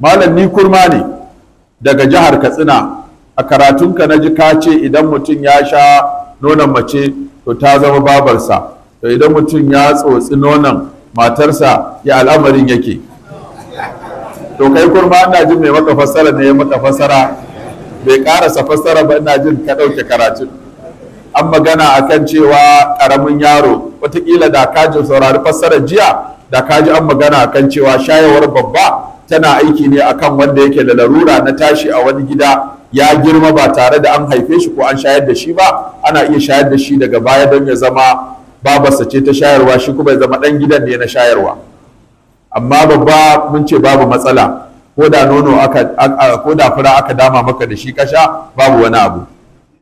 malam ni kurma ne daga jihar katsina a karatunka na ji ka ce idan mutum ya sha nonon mace to ta zama babarsa to idan mutum ya tsotsi nonon matarsa ya al'amarin yake to kai kurma ina jin mai maka fassara ne ya maka fassara bai karasa fassara ba ina jin ka ɗauke karatun an magana akan cewa ƙaramin yaro watakila da kajin saurari fassarar jiya da kaji an magana akan cewa shayawar babba tana aiki ne akan wanda yake da larura na tashi a wani gida ya girma ba tare da an haife shi ko an shayar da shi ba ana iya shayar da shi daga baya don ya zama babarsa ce ta shayarwa shi kuma ya zama dan gidan ne na shayarwa amma babba mun ce babu matsala ko da nono aka ko da fura aka dama maka da shi kasha babu wani abu